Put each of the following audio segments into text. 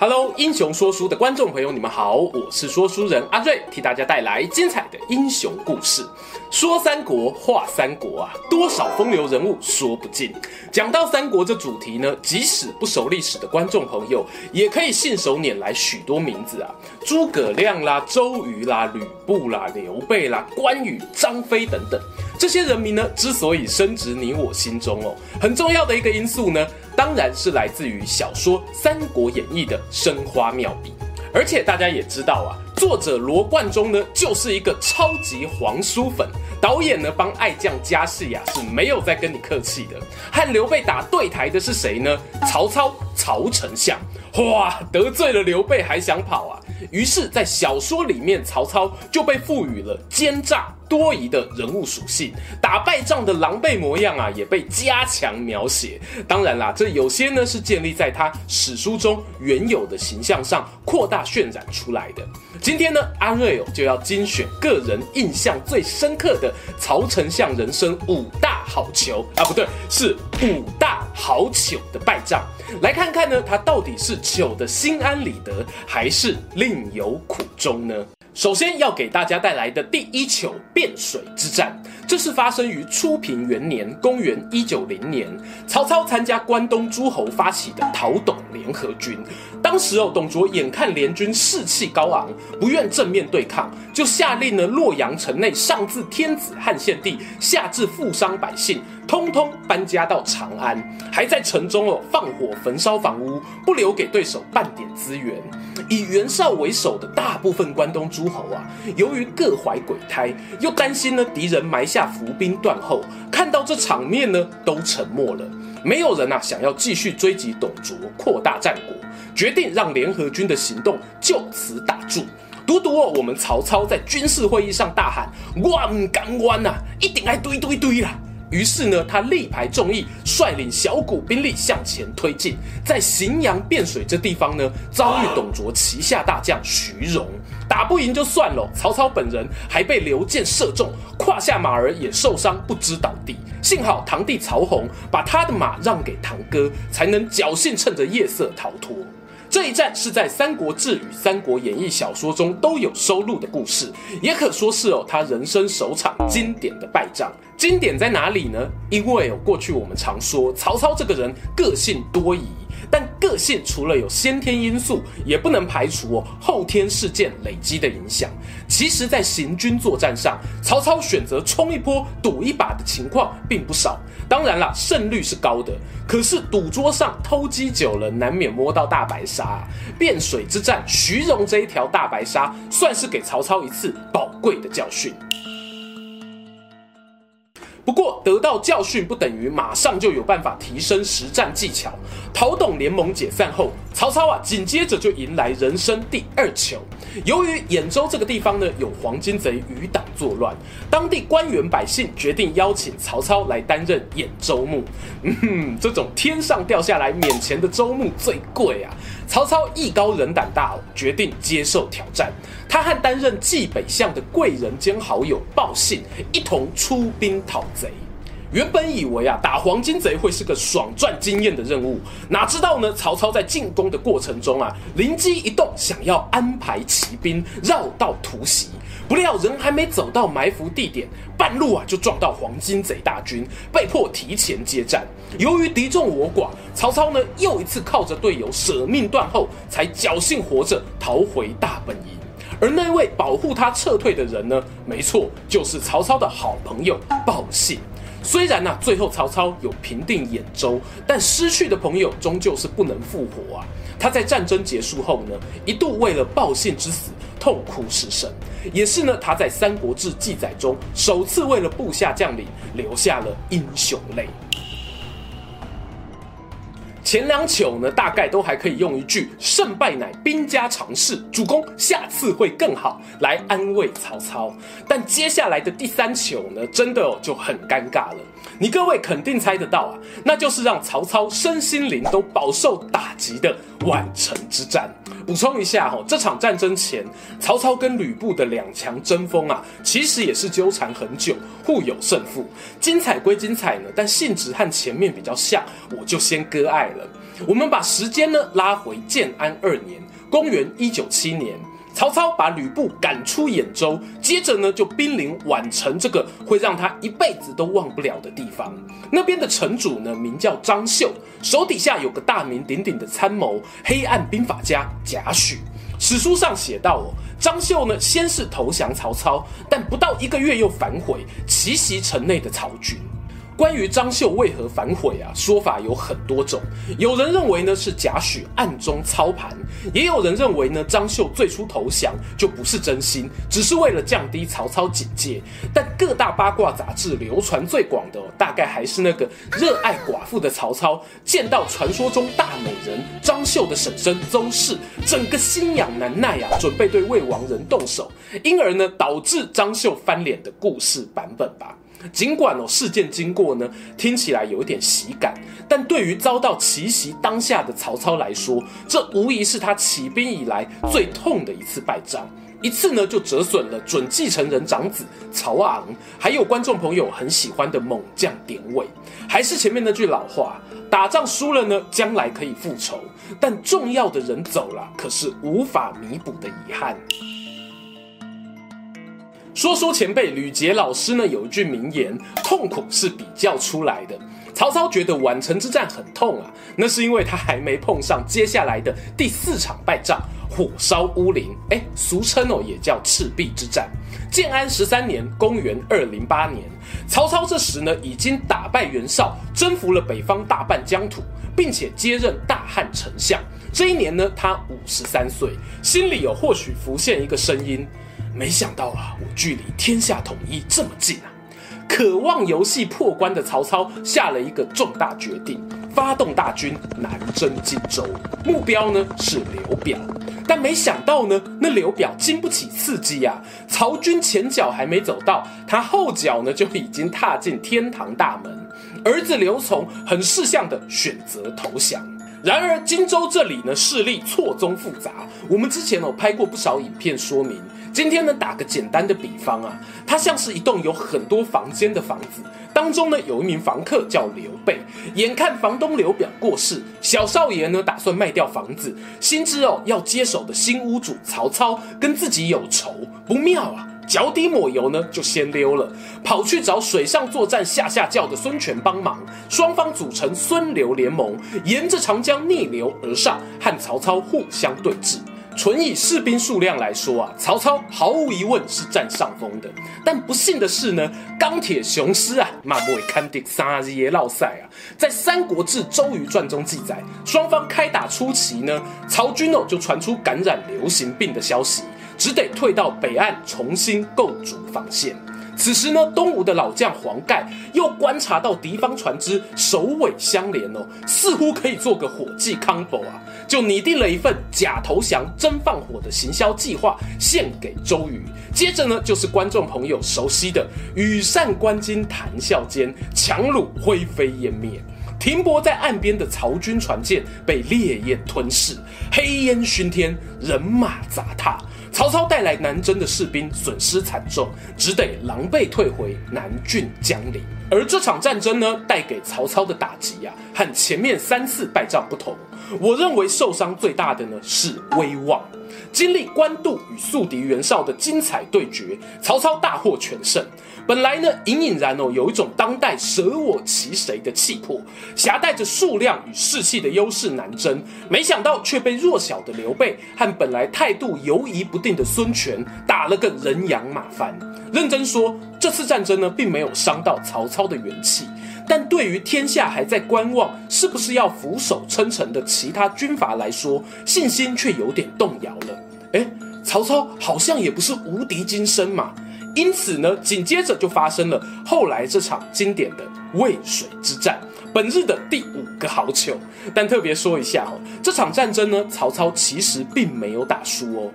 Hello，英雄說書的觀眾朋友，你們好，我是說書人阿瑞，替大家帶來精彩的英雄故事。說三國，話三國啊，多少風流人物說不盡。講到三國這主題呢，即使不熟歷史的觀眾朋友，也可以信手拈來許多名字啊，諸葛亮啦，周瑜啦，呂布啦，劉備啦，關羽、張飛等等這些人名呢，之所以深植你我心中哦，很重要的一個因素呢。當然是來自於小說《三國演義》的生花妙筆，而且大家也知道啊，作者羅貫中呢就是一個超級皇叔粉，導演呢幫愛將加戲呀是沒有在跟你客氣的。和劉備打對台的是誰呢？曹操，曹丞相。哇，得罪了劉備還想跑啊？於是，在小說裡面，曹操就被賦予了奸詐。多疑的人物屬性，打敗仗的狼狽模樣啊，也被加強描寫。當然啦，這有些呢是建立在他史書中原有的形象上擴大渲染出來的。今天呢，阿睿就要精選個人印象最深刻的曹丞相人生五大好球啊，不對，是五大好糗的敗仗，來看看呢他到底是糗的心安理得，還是另有苦衷呢？首先要給大家帶來的第一球，汴水之戰，這是發生於初平元年，公元一九零年，曹操參加關東諸侯發起的討董聯合軍。當時哦，董卓眼看聯軍士氣高昂，不願正面對抗，就下令呢，洛陽城內上至天子漢獻帝，下至富商百姓。通通搬家到長安，還在城中哦放火焚燒房屋，不留給對手半點資源。以袁紹為首的大部分關東諸侯啊，由於各懷鬼胎，又擔心呢敵人埋下伏兵斷後，看到這場面呢，都沉默了，沒有人吶、啊、想要繼續追擊董卓擴大戰果，決定讓聯合軍的行動就此打住。獨獨哦，我們曹操在軍事會議上大喊：我唔敢官吶，一定來堆堆堆啦、啊於是呢，他力排眾議，率領小股兵力向前推進，在滎陽汴水這地方呢，遭遇董卓旗下大將徐榮，打不贏就算了，曹操本人還被流箭射中，胯下馬兒也受傷，不支倒地。幸好堂弟曹洪把他的馬讓給堂哥，才能僥倖趁着夜色逃脫。這一戰是在《三國志》與《三國演義》小說中都有收錄的故事，也可說是哦他人生首場經典的敗仗。經典在哪裡呢？因為過去我們常說曹操這個人個性多疑。但個性除了有先天因素，也不能排除，哦，後天事件累積的影響。其實，在行軍作戰上，曹操選擇衝一波、賭一把的情況並不少。當然了，勝率是高的。可是，賭桌上偷雞久了，難免摸到大白鯊啊。汴水之戰，徐榮這一條大白鯊，算是給曹操一次寶貴的教訓。不過，得到教訓不等於馬上就有辦法提升實戰技巧。討董聯盟解散後，曹操啊，緊接着就迎來人生第二球。由於兗州這個地方呢，有黃巾賊餘黨作亂，當地官員百姓決定邀請曹操來擔任兗州牧。嗯哼，這種天上掉下來免錢的州牧最貴啊！曹操藝高人膽大，決定接受挑戰。他和擔任濟北相的貴人兼好友鮑信一同出兵討賊。原本以為啊打黃巾賊會是個爽賺經驗的任務，哪知道呢？曹操在進攻的過程中啊，靈機一動，想要安排騎兵繞道突襲。不料人還沒走到埋伏地點，半路啊就撞到黃巾賊大軍，被迫提前接戰。由於敵眾我寡，曹操呢又一次靠着隊友舍命斷後，才僥幸活着逃回大本營。而那位保護他撤退的人呢？沒錯，就是曹操的好朋友——鮑信。雖然呢、啊，最後曹操有平定兗州，但失去的朋友終究是不能復活啊。他在戰爭結束後呢，一度為了鮑信之死痛哭失聲，也是呢，他在《三國志》記載中首次為了部下將領留下了英雄淚。前兩糗呢，大概都還可以用一句“勝敗乃兵家常事”，主公下次會更好來安慰曹操。但接下來的第三糗呢，真的、哦、就很尷尬了。你各位肯定猜得到啊，那就是讓曹操身心靈都飽受打擊的。宛城之戰，補充一下哈，這場戰爭前，曹操跟呂布的兩強爭鋒啊，其實也是糾纏很久，互有勝負，精彩歸精彩呢，但性質和前面比較像，我就先割愛了。我們把時間呢拉回建安二年，公元一九七年。曹操把呂布趕出兗州，接着呢就兵臨宛城，這個會讓他一輩子都忘不了的地方。那邊的城主呢名叫張繡，手底下有個大名鼎鼎的參謀，黑暗兵法家賈詡。史書上寫道哦，張繡呢先是投降曹操，但不到一個月又反悔，奇襲城內的曹軍。關於張繡為何反悔啊，說法有很多種。有人認為呢是賈詡暗中操盤，也有人認為呢張繡最初投降就不是真心，只是為了降低曹操警戒。但各大八卦雜誌流傳最廣的，哦，大概還是那個熱愛寡婦的曹操見到傳說中大美人張繡的嬸嬸鄒氏，整個心癢難耐啊，準備對未亡人動手，因而呢導致張繡翻臉的故事版本吧。儘管哦，事件經過呢聽起來有一點喜感，但對於遭到奇襲當下的曹操來說，這無疑是他起兵以來最痛的一次敗仗。一次呢就折損了準繼承人長子曹昂，還有觀眾朋友很喜歡的猛將典韋。還是前面那句老話，打仗輸了呢，將來可以復仇，但重要的人走了，可是無法彌補的遺憾。說說前輩呂杰老師呢有一句名言：“痛苦是比較出來的。”曹操覺得宛城之戰很痛啊，那是因為他還沒碰上接下來的第四場敗仗——火燒烏林，誒俗稱哦也叫赤壁之戰。建安十三年，公元二零八年，曹操這時呢已經打敗袁紹，征服了北方大半疆土，並且接任大漢丞相。這一年呢，他五十三歲，心裡有或許浮現一個聲音。沒想到啊，我距離天下統一這麼近啊！渴望遊戲破關的曹操下了一個重大決定，發動大軍南征荊州，目標呢是劉表。但沒想到呢，那劉表經不起刺激呀，啊，曹軍前腳還沒走到，他後腳呢就已經踏進天堂大門，兒子劉琮很識相的選擇投降。然而荊州這裡呢，勢力錯綜複雜。我們之前呢、哦、有拍過不少影片說明。今天呢打個簡單的比方啊，它像是一棟有很多房間的房子，當中呢有一名房客叫劉備。眼看房東劉表過世，小少爺呢打算賣掉房子，心知哦要接手的新屋主曹操跟自己有仇，不妙啊。腳底抹油呢，就先溜了，跑去找水上作戰嚇嚇叫的孫權幫忙，雙方組成孫劉聯盟，沿着長江逆流而上，和曹操互相對峙。純以士兵數量來說啊，曹操毫無疑問是占上風的。但不幸的是呢，鋼鐵雄獅啊，嘛袂堪得三日仔落屎啊。在《三國志·周瑜傳》中記載，雙方開打初期呢，曹軍哦就傳出感染流行病的消息。只得退到北岸重新構築防線。此時呢，東吳的老將黃蓋又觀察到敵方船隻首尾相連哦，似乎可以做個火計 combo 啊？就擬定了一份假投降、真放火的行銷計劃獻給周瑜。接着呢，就是觀眾朋友熟悉的羽扇綸巾，談笑間，檣櫓灰飛煙滅。停泊在岸邊的曹軍船艦被烈焰吞噬，黑煙熏天，人馬雜沓。曹操帶來南征的士兵損失慘重，只得狼狽退回南郡江陵。而這場戰爭呢，帶給曹操的打擊啊，和前面三次敗仗不同。我認為受傷最大的呢是威望。經歷官渡與宿敵袁紹的精彩對決，曹操大獲全勝。本來呢，隱隱然哦，有一種當代舍我其誰的氣魄，挾帶着數量與士氣的優勢南征，沒想到卻被弱小的劉備和本來態度猶疑不定的孫權打了個人仰馬翻。認真說，這次戰爭呢，並沒有傷到曹操的元氣，但對於天下還在觀望是不是要俯首稱臣的其他軍閥來說，信心卻有點動搖了。誒，曹操好像也不是無敵金身嘛。因此呢，緊接着就發生了後來這場經典的渭水之戰，本日的第五個好球。但特別說一下，這場戰爭呢，曹操其實並沒有打輸哦。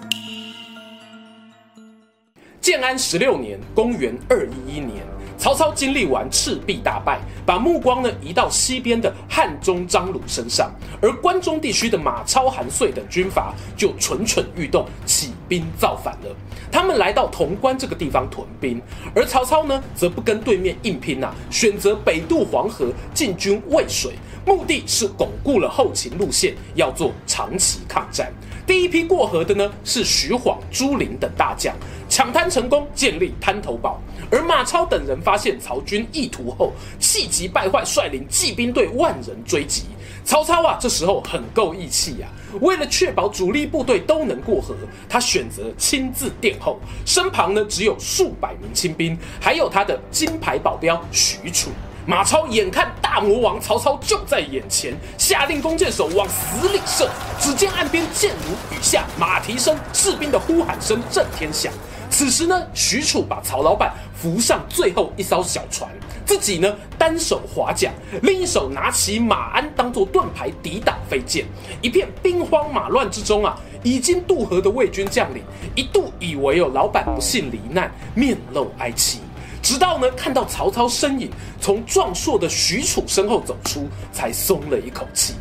建安十六年，公元二一一年。曹操經歷完赤壁大敗，把目光呢移到西邊的漢中張魯身上，而關中地區的馬超、韓遂等軍閥就蠢蠢欲動，起兵造反了。他們來到潼關這個地方屯兵，而曹操呢，則不跟對面硬拼吶啊，選擇北渡黃河，進軍渭水，目的是鞏固了後勤路線，要做長期抗戰。第一批過河的呢是徐晃、朱靈等大將，搶灘成功，建立灘頭堡。而馬超等人發現曹軍意圖後，氣急敗壞，率領騎兵隊萬人追擊。曹操啊，這時候很夠義氣呀、啊，為了確保主力部隊都能過河，他選擇親自殿後，身旁呢只有數百名親兵，還有他的金牌保鏢許褚。許褚馬超眼看大魔王曹操就在眼前，下令弓箭手往死裡射。只見岸邊箭如雨下，馬蹄聲、士兵的呼喊聲震天響。此時呢，許褚把曹老板扶上最後一艘小船，自己呢單手划槳，另一手拿起馬鞍當做盾牌抵擋飛箭。一片兵荒馬亂之中啊，已經渡河的魏軍將領一度以為有老板不幸罹難，面露哀戚。直到呢，看到曹操身影從壯碩的許褚身後走出，才鬆了一口氣。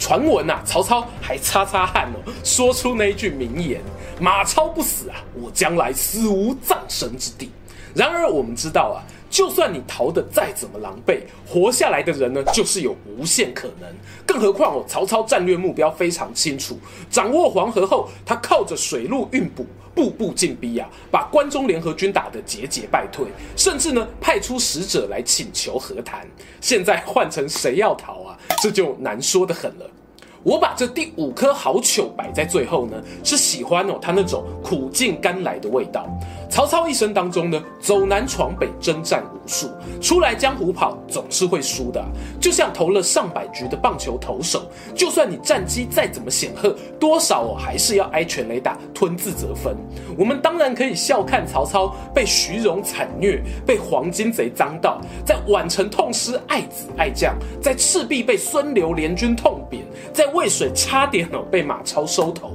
傳聞吶、啊，曹操還擦擦汗哦，說出那一句名言：“馬超不死啊，我將來死無葬身之地。”然而我們知道啊。就算你逃得再怎麼狼狽，活下來的人呢，就是有無限可能。更何況哦，曹操戰略目標非常清楚，掌握黃河後，他靠着水路運補，步步進逼啊，把關中聯合軍打得節節敗退，甚至呢，派出使者來請求和談。現在換成誰要逃啊？這就難說得很了。我把這第五顆好球擺在最後呢，是喜歡哦，他那種苦盡甘來的味道。曹操一生當中呢，走南闖北，征戰無數，出來江湖跑總是會輸的、啊。就像投了上百局的棒球投手，就算你戰績再怎麼顯赫，多少哦還是要挨全壘打，吞自責分。我們當然可以笑看曹操被徐榮慘虐，被黃巾賊張到，在宛城痛失愛子愛將，在赤壁被孫劉聯軍痛扁，在渭水差點哦被馬超收頭。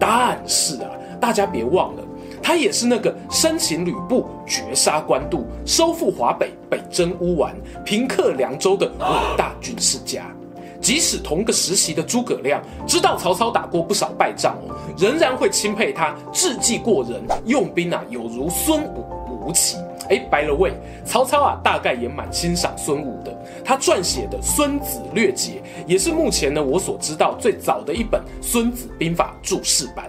但是啊，大家別忘了。他也是那個生擒呂布、絕殺官渡、收復華北、北征烏丸、平克涼州的偉大軍事家。即使同個時期的諸葛亮知道曹操打過不少敗仗哦，仍然會欽佩他智計過人、用兵啊有如孫武，武、吳起。哎，by the way 曹操啊，大概也蠻欣賞孫武的。他撰寫的《孫子略解》也是目前呢我所知道最早的一本《孫子兵法》注釋版。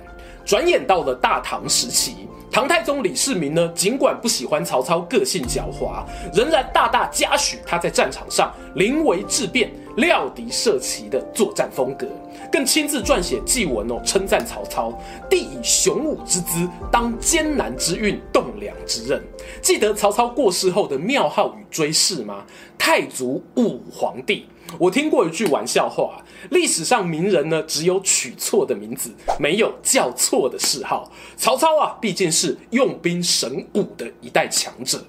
轉眼到了大唐時期，唐太宗李世民呢，儘管不喜歡曹操個性狡猾，仍然大大嘉許他在戰場上臨危制變，料敵設奇的作戰風格，更親自撰寫祭文哦，稱讚曹操：“帝以雄武之姿，當艱難之運，棟樑之任。”記得曹操過世後的廟號與追諡嗎？太祖武皇帝。我聽過一句玩笑話：歷史上名人呢，只有取錯的名字，沒有叫錯的諡號。曹操啊，畢竟是用兵神武的一代強者。